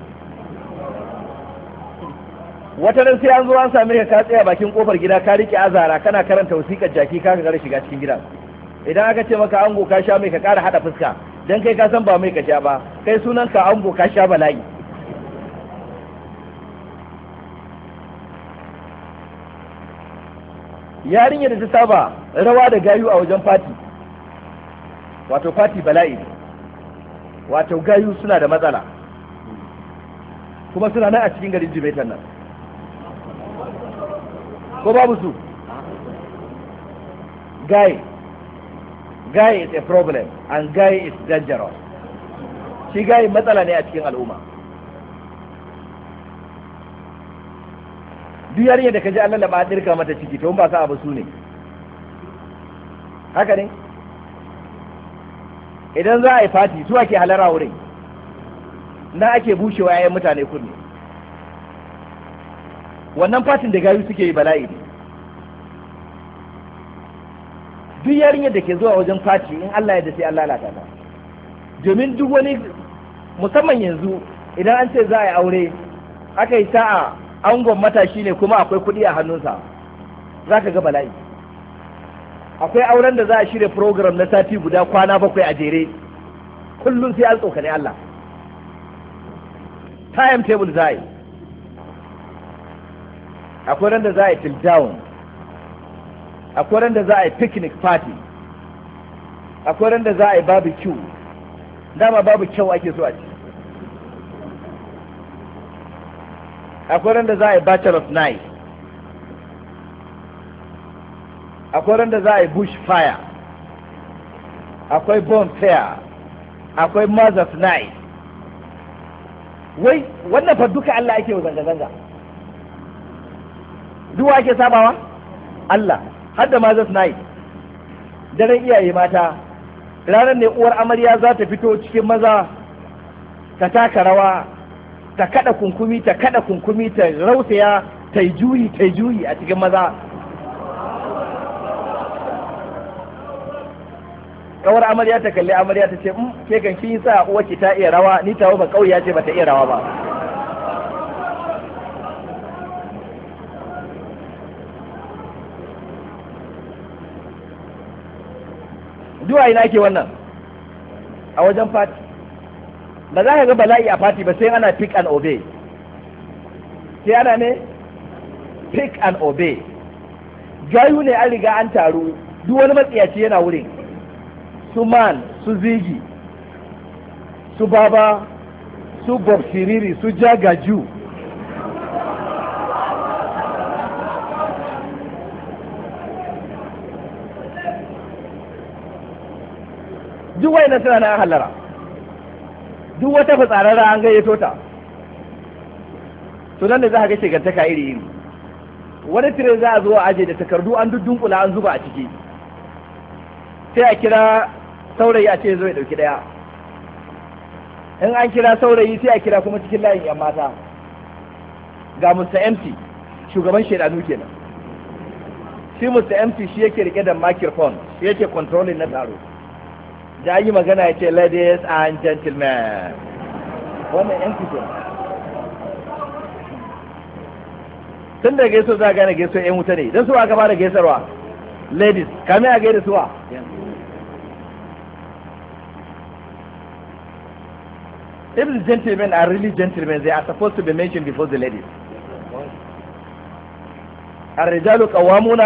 wata ran sai an zo an same ka ka tsaya bakin kofar gida ka rike azara kana karanta wasiƙar jaki ka gara shiga cikin gida idan aka ce maka ango ka sha mai ka ƙara haɗa fuska dan kai ka san ba mai ka sha ba kai sunan ka ango ka sha bala'i yarinyar da ta saba rawa da gayu a wajen fati wato fati bala'i wato gayu suna da matsala kuma suna nan a cikin garin jimaitan nan ko babu su gayi gaye is a problem and gayi is dangerous shi gayi matsala ne a cikin al'umma duk yarinya da ji Allah ba dirka mata ciki to ba sa abu su ne haka ne idan za a yi fati su ake halara wurin na ake bushewa yayin mutane kunne wannan fatin da gayu suke yi bala'i ne duk yarinyar da ke zuwa wajen fati in Allah ya da sai Allah lalata ta domin duk wani musamman yanzu idan an ce za a yi aure aka yi sa'a angon matashi ne kuma akwai kuɗi a hannunsa za ka ga bala'i akwai auren da za a shirya program na sati guda kwana bakwai a jere kullum sai an tsokane Allah time table za a yi akwai ran da za a yi till down akwai ran da za a yi picnic party akwai ran da za a yi barbecue dama babu kyau ake so a ci akwai randa za a yi battle of night akwai randa za a yi bush fire akwai bone fair akwai mars of night wai wannan fa duka Allah ake wa zanga-zanga duwa ake sabawa Allah har da mars of night daren iyaye mata ranar ne uwar amarya za ta fito cikin maza ta taka rawa ta kada kunkumi ta kada kunkumi ta rausaya ta yi juyi ta yi juyi a cikin maza kawar amarya ta kalli amarya ta ce mm, ke kan kin sa uwa ki ta iya rawa ni tawo ba kauya ce ba ta iya rawa ba duwa na ke wannan a wajen fati ba za ka ga bala'i a fati ba sai ana pick and obey sai ana ne pick and obey gayu ne an riga an taru duk wani matsiyaci yana wurin su man su zigi su baba su bob siriri su jagaju duk wayannan suna na halara duk wata fitsararra an gayyato ta to nan da za ka ga shigantaka iri iri wani tire za a zo a aje da takardu an dunkula an zuba a ciki sai a kira saurayi a ce zo ya dauki daya in an kira saurayi sai a kira kuma cikin layin yan mata ga Mr. MC shugaban shedanu kenan shi Mr. MC shi yake rike da microphone shi yake controlling na taro da yi magana ya ce ladies and gentlemen wannan yan kuke tun da gaiso za a gane gaiso yan wuta ne don su aka fara gaisarwa ladies kame a gaida suwa if the gentlemen are really gentlemen they are supposed to be mentioned before the ladies الرجال قوامون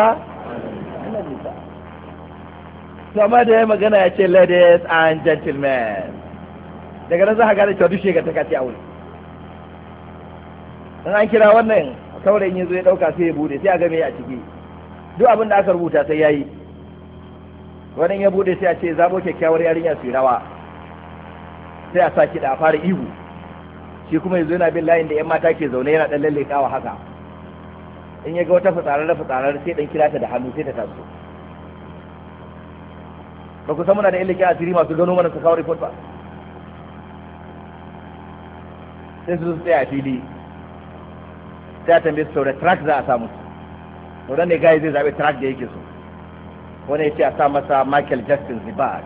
sama da ya magana ya ce ladies and gentlemen daga nan za a gane cewa duk ga ta a wuri. in an kira wannan saurayin yanzu ya dauka sai ya bude sai a game a ciki duk abin da aka rubuta sai ya yi. wani ya bude sai a ce zabo kyakkyawar yarinya su rawa sai a sa kiɗa a fara ihu shi kuma yanzu yana bin layin da yan mata ke zaune yana dan lallekawa haka in ya ga wata fitsarar da fitsarar sai dan kira ta da hannu sai ta taso ba ku san muna da yan leƙen asiri masu gano mana su kawo report ba sai su tsaya a fili sai a tambaye su saboda track za a samu su to ne gaya zai zaɓi track da yake so wani ya ce a sa masa michael justin zibar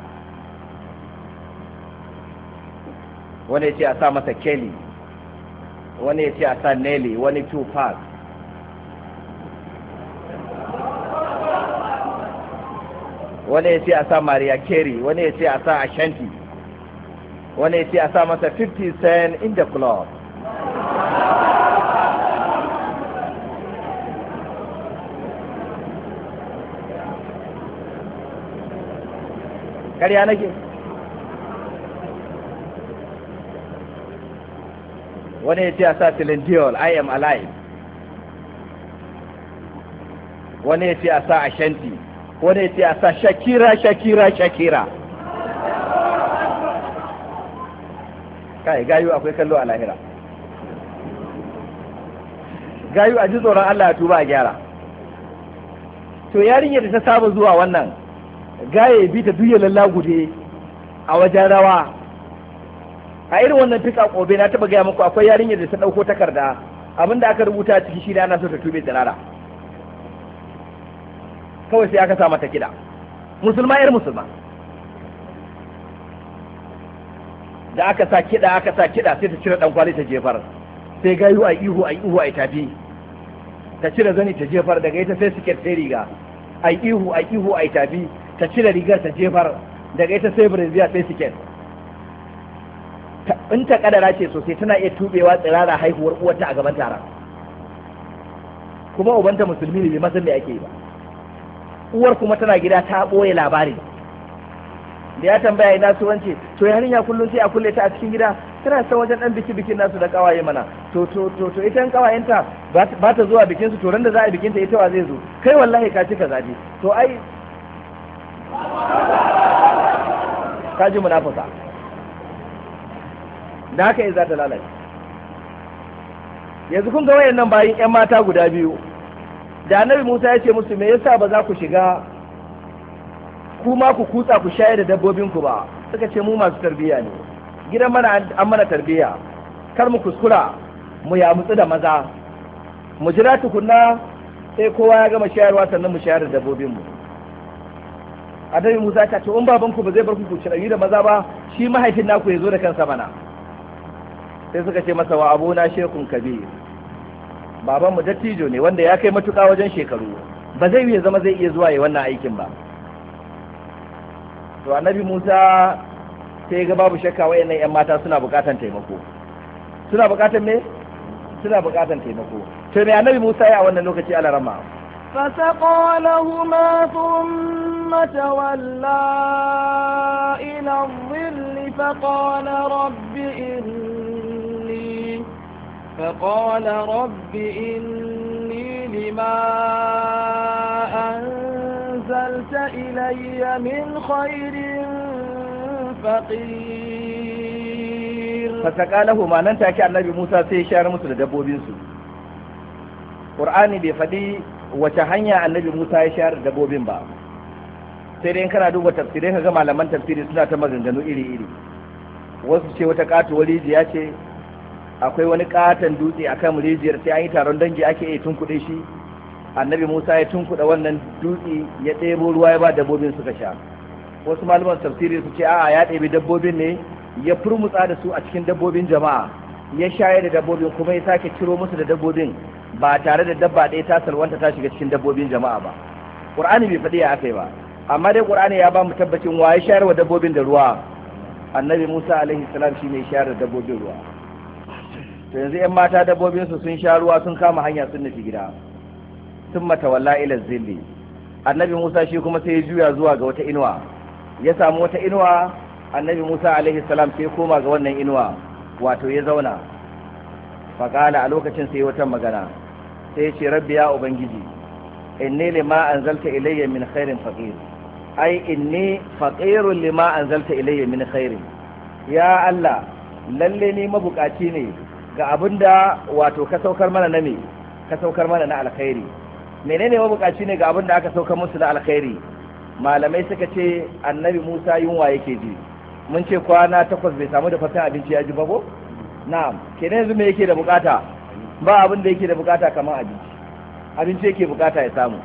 wani ya ce a sa masa kelly wani ya ce a sa nelly wani two pass wani ya ce a sa mariya carey wani ya ce a sa ashanti wani ya ce a sa masa 50 cent in the club ƙarya nake wani ya ce a sa i am alive wani ya ce a sa ashanti wani ya ce a sa shakira shakira shakira kai gayu akwai kallo a lahira gayu a ji tsoron Allah ya tuba a gyara to yarinyar da ta saba zuwa wannan gaye bi ta duya lallagude a wajen rawa a irin wannan fika kobe na taba gaya muku akwai yarinyar da ta ɗauko takarda abinda aka rubuta ciki shi da ana so ta tube tsirara kawai sai aka sa mata kiɗa musulma yar musulma da aka sa kiɗa aka sa kiɗa sai ta cire dan kwali ta jefar sai gayu a ihu a ihu a tafi ta cire zani ta jefar daga ita sai suke sai riga a ihu a ihu a tafi ta cire rigar ta jefar daga ita sai brazil sai suke in ta kadara ce sosai tana iya tubewa tsirara haihuwar uwarta a gaban taron kuma ubanta musulmi ne bai masan me ake yi ba uwar kuma tana gida ta ɓoye labari da ya tambaya ina su wance to yarinya kullum sai a kulle ta a cikin gida tana san wajen ɗan biki bikin nasu da kawaye mana to to to to ita kawayenta ba ta zuwa bikin su to ran da za a bikin ta ita wa zai zo kai wallahi ka ka zabi to ai ka ji munafasa da haka za ta lalace yanzu kun ga wayannan bayin yan mata guda biyu da annabi Musa ya ce musu me yasa ba za ku shiga ku ma ku kutsa ku shayar da dabbobin ku ba suka ce mu masu tarbiyya ne gidan mana an mana tarbiyya kar mu kuskura mu yamutsu da maza mu jira tukunna sai kowa ya gama shayarwa sannan mu shayar da dabbobin mu annabi Musa ta ce in baban ku ba zai bar ku ku ci da maza ba shi mahaifin naku ya zo da kansa mana sai suka ce masa wa abuna shekun kabir babanmu dattijo ne wanda ya kai matuƙa wajen shekaru ba zai iya zama zai iya zuwa ya wannan aikin ba to annabi musa sai ga babu shakka wayannan yan mata suna buƙatar taimako suna buƙatar me suna buƙatar taimako to me annabi musa ya a wannan lokaci ala rama فسقى huma thumma tawalla ila dhilli fa qala rabbi فقال رب إني لما أنزلت إلي من خير فقير فتقاله ما ننتهي نبي موسى سيشار مسل دبوبينسو قرآني بفدي وتهنيا النبي موسى يشار دبوبين با sai dai kana duba tafsirin ka ga malaman tafsiri suna ta maganganu iri-iri wasu ce wata katuwar rijiya ce akwai wani katon dutse a kan rijiyar sai an yi taron dangi ake iya tunkuɗe shi annabi musa ya tunkuɗa wannan dutse ya ɗebo ruwa ya ba dabbobin suka sha wasu malaman tafsiri su ce a'a ya ɗebi dabbobin ne ya furmutsa da su a cikin dabbobin jama'a ya shayar da dabbobin kuma ya sake ciro musu da dabbobin ba tare da dabba ɗaya ta salwanta ta shiga cikin dabbobin jama'a ba ƙur'ani bai faɗi ya aka ba amma dai ƙur'ani ya ba mu tabbacin wa ya shayar wa dabbobin da ruwa annabi musa alaihi salam shi ne shayar da dabbobin ruwa to yanzu 'yan mata dabbobinsu sun sha ruwa sun kama hanya sun nufi gida sun mata walla ila zilli annabi musa shi kuma sai ya juya zuwa ga wata inuwa ya samu wata inuwa annabi musa alaihi salam sai koma ga wannan inuwa wato ya zauna faƙala a lokacin sai wata magana sai ya ce rabbi ya ubangiji inni lima anzalta ilayya min khairin faqir ai inni faqirun lima anzalta ilayya min khairin ya allah lalle ni mabukaci ne ga abinda wato ka saukar mana na me ka saukar mana na alkhairi menene wa bukaci ne ga abinda aka saukar musu na alkhairi malamai suka ce annabi Musa yunwa yake ji mun ce kwana takwas bai samu da fatan abinci ya ji ba ko na'am kenan yanzu me yake da bukata ba abin da yake da bukata kamar abinci abinci yake bukata ya samu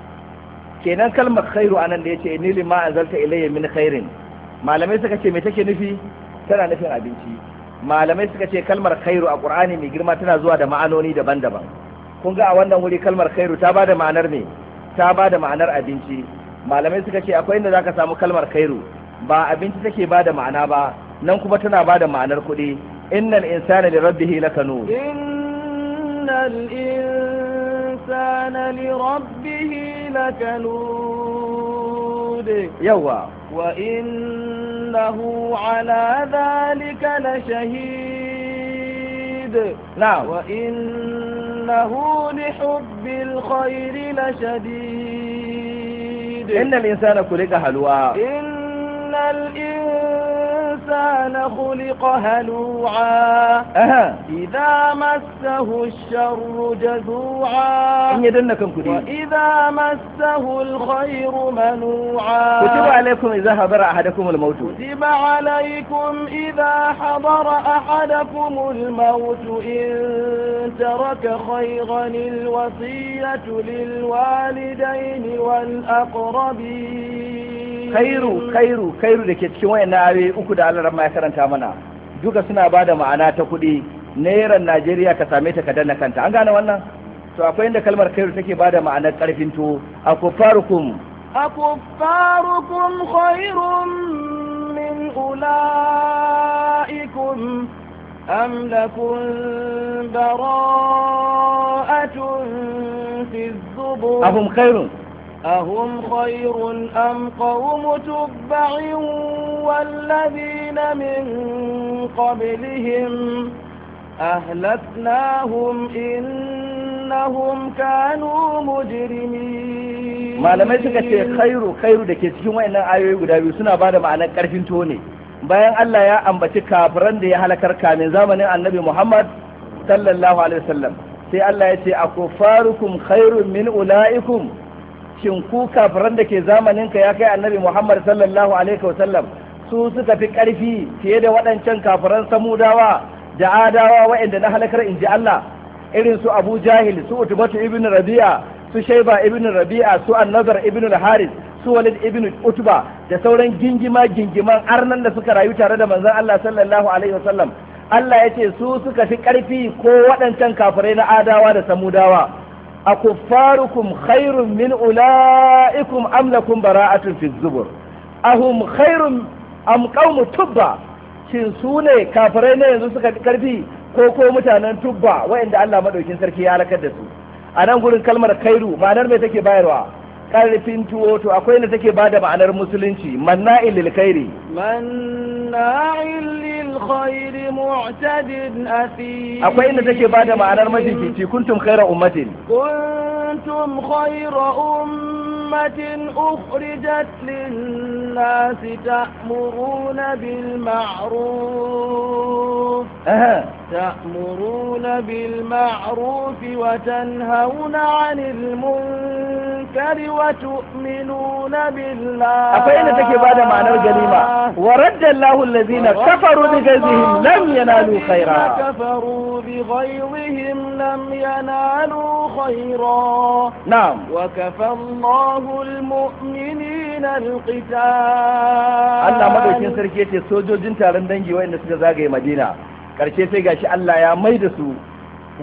kenan kalmar khairu anan da yace inni lima anzalta ilayya min khairin malamai suka ce me take nufi tana nufin abinci malamai suka ce kalmar khairu a Ƙur'ani mai girma tana zuwa da ma'anoni daban-daban kun ga a wannan wuri kalmar khairu ta bada ma'anar ne ta bada ma'anar abinci malamai suka ce akwai inda zaka samu kalmar khairu ba abinci take bada ma'ana ba nan kuma tana bada ma'anar kuɗi innal insana li rabbihi lakanu innal insana li rabbihi lakanu yawa wa in إنه على ذلك لشهيد نعم وإنه لحب الخير لشديد إن الإنسان كلك هلوى إن الإنسان الإنسان خلق هلوعا إذا مسه الشر جزوعا وإذا مسه الخير منوعا كتب عليكم إذا حضر أحدكم الموت كتب عليكم إذا حضر أحدكم الموت إن ترك خيرا الوصية للوالدين والأقربين Kairu, Kairu, khairu da ke cikin wayan ayoyi uku da Allah ya karanta mana duka suna ba da ma'ana ta kuɗi nairan Najeriya ka same ta ka danna kanta an gane wannan to akwai inda kalmar khairu take ba da ma'anar karfin to akufarukum akufarukum khairum min ulaikum am lakum bara'atun fi zubur أهم خير أهم خير أم قوم تبع والذين من قبلهم أهلكناهم إنهم كانوا مجرمين malamai suka ce khairu khairu da ke cikin wayannan ayoyi guda biyu suna bada ma'anar karfin tuwo ne bayan Allah ya ambaci kafiran da ya halakar kamin zamanin annabi Muhammad sallallahu alaihi wasallam sai Allah ya ce akufarukum khairun min ulaikum shinku ku kafiran da ke zamanin ka ya kai annabi muhammad sallallahu alaihi wasallam su suka fi karfi fiye da waɗancan kafiran samudawa da adawa waɗanda na halakar inji allah irin su abu jahil su utubatu ibn rabi'a su shaiba ibn rabi'a su annazar ibn haris su walid ibn utba da sauran gingima gingiman arnan da suka rayu tare da manzon allah sallallahu alaihi wasallam allah ya ce su suka fi karfi ko waɗancan kafirai na adawa da samudawa a kuffarukum khairun min ula'ikum am lakum bara'atun fi zubur ahum khairun am qaumu tubba shin sune ne kafirai ne yanzu suka karfi ko ko mutanen tubba wa'anda Allah madaukin sarki ya halakar da su a nan gurin kalmar khairu ma'anar me take bayarwa karfin tuwo to akwai da take bada ma'anar musulunci manna'il lil khairi manna'il lil khairi mu'tadin athim akwai da take bada ma'anar majikici kuntum khaira ummatin kuntum khaira ummatin ukhrijat lin nas ta'muruna bil ma'ruf تأمرون بالمعروف وتنهون عن المنكر tari wa tu'minuna billah akwai inda take da ma'anar ganima wa radda Allahu allazina kafaru bi ghayrihim lam yanalu khaira kafaru bi ghayrihim lam yanalu wa madaukin sarki yace sojojin taron dangi wayanda suka zagaye Madina karshe sai gashi Allah ya maida su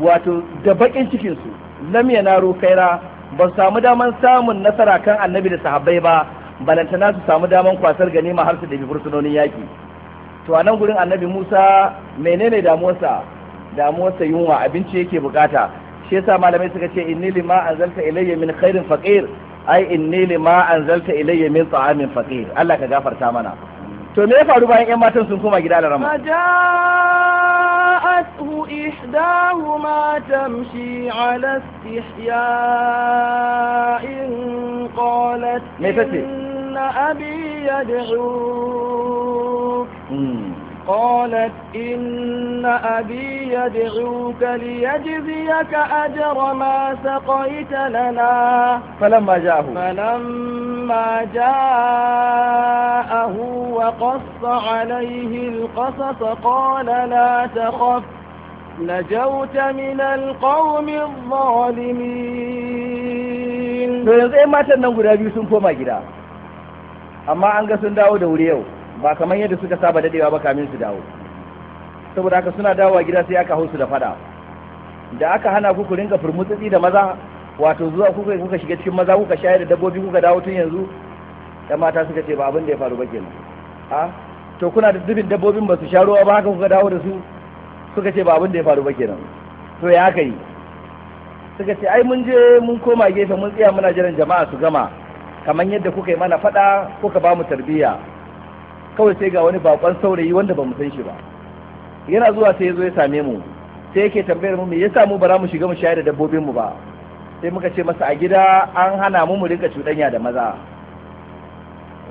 wato da bakin cikin su lam yanaru kaira. ba su samu daman samun nasara kan annabi da sahabbai ba balantana su samu daman kwasar ganima har su da fursunonin yaki to a nan gurin annabi musa menene damuwarsa damuwarsa yunwa abinci yake bukata shi yasa malamai suka ce inni lima anzalta ilayya min khairin faqir ai inni lima anzalta ilayya min ta'amin faqir Allah ka gafarta mana to me ya faru bayan yan matan sun koma gida da rama جاءته إحداهما تمشي على استحياء قالت إن أبي يدعوك قالت إن أبي يدعوك ليجزيك أجر ما سقيت لنا فلما جاءه فلما جاءه وقص عليه القصص قال لا تخف نجوت من القوم الظالمين to ما ai matan nan guda biyu أما koma gida amma an ba kamar yadda suka saba dadewa ba kamin su dawo saboda haka suna dawowa gida sai aka hausu da fada da aka hana ku ku rinka furmutsutsi da maza wato zuwa kuka kuka shiga cikin maza kuka shayar da dabbobi kuka dawo tun yanzu da mata suka ce ba abin da ya faru ba kenan a to kuna da dubin dabbobin ba su sha ruwa ba haka kuka dawo da su suka ce ba abin da ya faru ba kenan to ya kai yi suka ce ai mun je mun koma gefe mun tsaya muna jiran jama'a su gama kamar yadda kuka yi mana fada kuka ba mu tarbiyya kawai sai ga wani bakon saurayi wanda ba mu san shi ba yana zuwa sai ya zo ya same mu sai yake tambayar mu me ya sa mu bara mu shiga mu shayar da dabbobin mu ba sai muka ce masa a gida an hana mu mu rinka cuɗanya da maza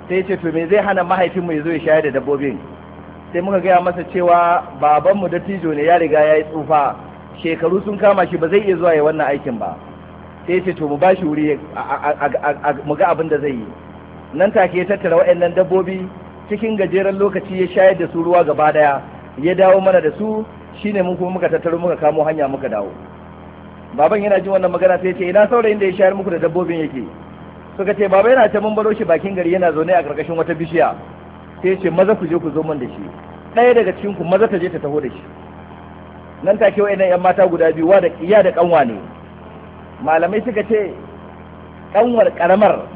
sai ce to me zai hana mahaifin mu ya zo ya shayar da dabbobin sai muka gaya masa cewa baban mu dattijo ne ya riga ya yi tsufa shekaru sun kama shi ba zai iya zuwa ya wannan aikin ba sai ce to mu ba shi wuri mu ga abin da zai yi nan take ya tattara waɗannan dabbobi cikin gajeren lokaci ya shayar da su ruwa gaba daya ya dawo mana da su shine mun kuma muka tattaro muka kamo hanya muka dawo baban yana jin wannan magana sai ya ce ina saurayin da ya shayar muku da dabbobin yake suka ce baba yana ta mun shi bakin gari yana zaune a karkashin wata bishiya sai ya ce maza ku je ku zo man da shi ɗaya daga cikin ku maza ta je ta taho da shi nan take wa'annan yan mata guda biyu wa da iya da kanwa ne malamai suka ce kanwar karamar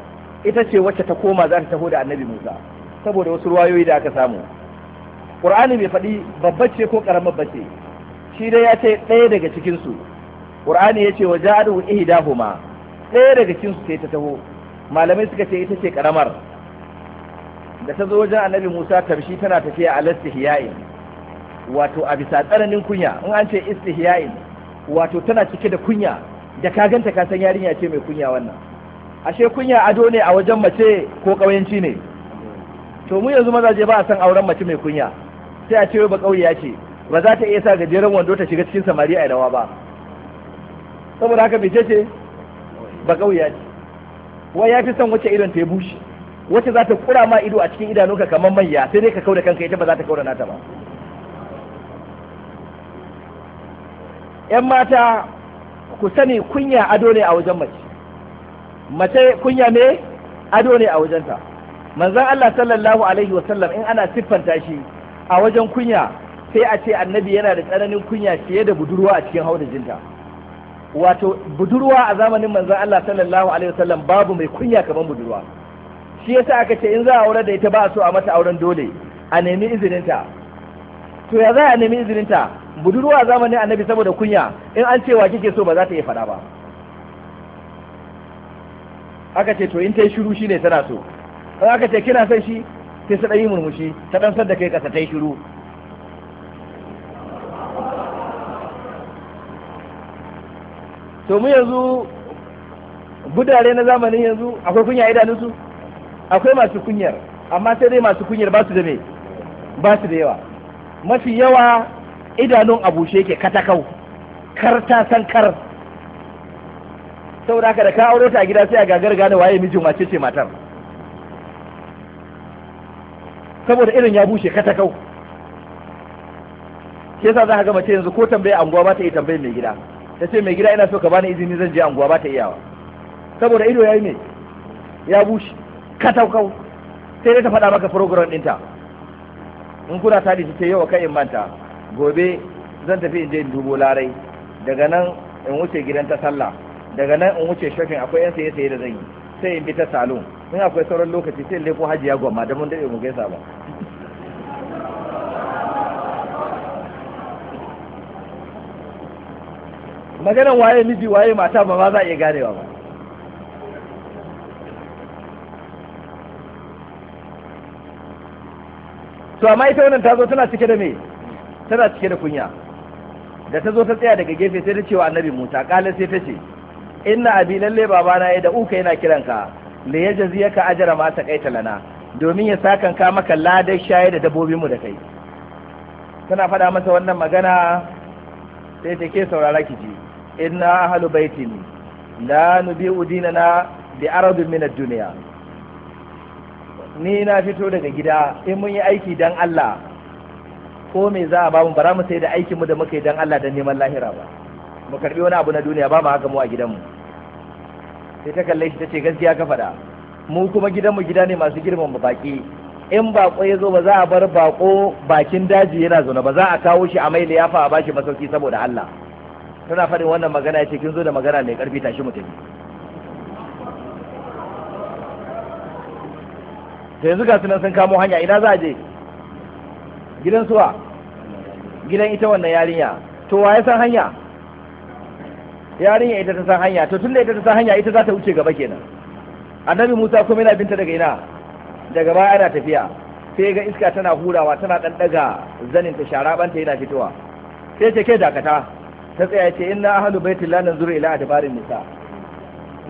ita ce wacce ta koma za ta taho da annabi Musa saboda wasu ruwayoyi da aka samu ƙur'ani mai faɗi babba ce ko ƙaramar bace shi dai ya ce ɗaya daga cikinsu ƙur'ani ya ce wa ja'adu ihdahuma ɗaya daga cikinsu sai ta taho malamai suka ce ita ce ƙaramar da ta zo wajen annabi musa tamshi tana tafiya a lastihiya'in wato a bisa tsananin kunya in an ce istihiya'in wato tana cike da kunya da ka ganta ka san yarinya ce mai kunya wannan ashe kunya ado ne a wajen mace ko ƙauyanci ne to mu yanzu mazaje ba a san auren mace mai kunya sai a ce ba kauye ce ba za ta iya sa gajeren wando ta shiga cikin samari a rawa ba saboda haka mece ce ba kauye ce wai ya fi son wacce idon ta ya bushe wacce za ta kura ma ido a cikin idanunka kamar manya sai dai ka da kanka ita ba za ta da nata ba yan mata ku sani kunya ado ne a wajen mace mace kunya ne ado ne a wajenta manzon Allah sallallahu alaihi wasallam in ana siffanta shi a wajen kunya sai a ce annabi yana da tsananin kunya fiye da budurwa a cikin haudajinta wato budurwa a zamanin manzan Allah sallallahu alaihi wasallam babu mai kunya kamar budurwa shi yasa aka ce in za a aure da ita ba a so a mata auren dole a nemi izininta to ya za a nemi izininta budurwa a zamanin annabi saboda kunya in an cewa kike so ba za ta iya faɗa ba aka ce to in ta yi shiru ne tana so ba za ka ce kina son shi sai su ɗayi murmushi ta ɗansar da kai ƙasa ta yi shiru to yanzu budare na zamanin yanzu akwai kunya idanunsu akwai masu kunyar amma sai dai masu kunyar ba su da me ba su da yawa mafi yawa idanun abushe ke katakau kar ta san kar saboda haka da ka aure ta a gida sai a gagar gane waye mijin wace ce matar saboda irin ya bushe katakau Ke yasa za ka ga mace yanzu ko tambaya anguwa ba ta iya tambayi mai gida ta ce mai gida ina so ka bani izini zan je anguwa ba ta iyawa saboda ido ya yi ne ya bushe katakau sai dai ta faɗa maka program ɗinta in kuna tadi ta ce yau kai in manta gobe zan tafi in je in dubo larai daga nan in wuce gidan ta sallah daga nan in wuce shopping akwai yan saye saye da zan yi sai in bi ta salon in akwai sauran lokaci sai lefo ya gwamma da mun daɗe mu gaisa ba maganan waye miji waye mata ba ma za a iya ganewa ba to amma ita wannan ta zo tana cike da me tana cike da kunya da ta zo ta tsaya daga gefe sai ta ce wa annabi musa kala sai ta ce inna abi lalle babana ya da uka yana kiranka la ka ajara ma kaita lana domin ya ka maka ladar shaye da dabbobin mu da kai tana faɗa masa wannan magana sai take saurara ki ji inna ahlu baitin la nubi'u dinana bi aradin min ad-dunya ni na fito daga gida in mun yi aiki dan Allah ko me za a bamu mu bara mu sai da aikin mu da muka yi dan Allah dan neman lahira ba mu karbi wani abu na duniya ba mu haka mu a gidanmu sai ta kalle shi ta ce gaskiya ka faɗa mu kuma gidanmu gida ne masu girman baki in bako ya zo ba za a bar bako bakin daji yana zaune ba za a kawo shi a mai liyafa a bashi masauki saboda Allah tana faɗin wannan magana ya ce kin zo da magana mai ƙarfi tashi mutum da yanzu ga sunan sun kamo hanya ina za a je gidan suwa gidan ita wannan yarinya to wa ya san hanya yarinya ita ta san hanya to tunda ita ta san hanya ita za ta wuce gaba kenan annabi Musa kuma yana binta daga ina daga baya ana tafiya sai ga iska tana hurawa tana dan daga zanin ta sharabanta yana fitowa sai ce ke dakata ta tsaya ce inna ahlu baiti la nanzuru ila adbarin nisa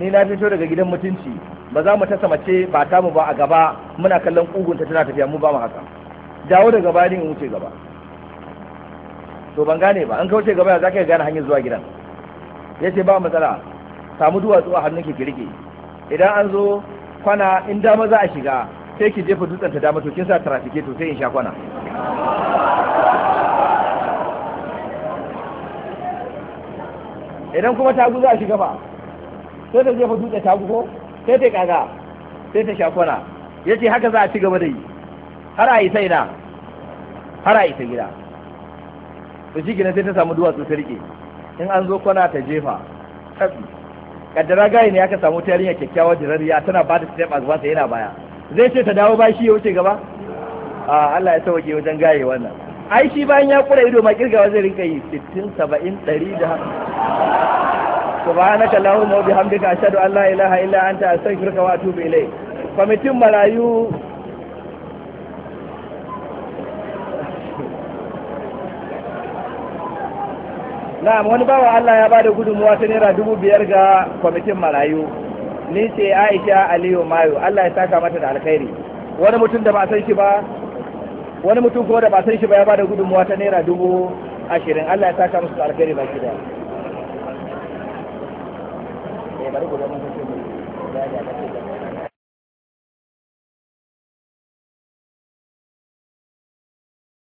ni na fito daga gidan mutunci ba za mu tasa mace ba ta mu ba a gaba muna kallon kugunta tana tafiya mu ba mu haka dawo daga baya din wuce gaba to ban gane ba an ce gaba za ka gane hanyar zuwa gidan ya ce ba matsala samu duwatsu a hannun ki kirki idan an zo kwana in dama za a shiga sai ki jefa dutsen ta dama to kin sa trafike to sai in sha kwana idan kuma tagu za a shiga fa sai ta jefa dutsen tagu ko sai ta kaga sai ta sha kwana ya ce haka za a ci gaba da yi har a isa ina har a isa gida to shi gina sai ta samu duwatsu ta rike in an zo kwana ta jefa tafi kaddara gayi ne aka samu tarin ya kyakkyawar jirariya tana ba da step a gaba yana baya zai ce ta dawo bashi ya wuce gaba a Allah ya sauke wajen gaye wannan ai shi bayan ya kura ido ma kirgawa zai rinka yi 60 70 100 da subhanaka allahumma wa bihamdika ashhadu an la ilaha illa anta astaghfiruka wa atubu ilayk kwamitin marayu na'am wani bawa Allah ya bada gudunmuwa ta naira dubu biyar ga kwamitin marayu ni ce Aisha Aliyu Mayo Allah ya saka mata da alkhairi wani mutum da ba san shi ba wani mutum kuma da ba san shi ba ya bada gudunmuwa ta naira dubu ashirin Allah ya saka musu da alkhairi ba da eh, bari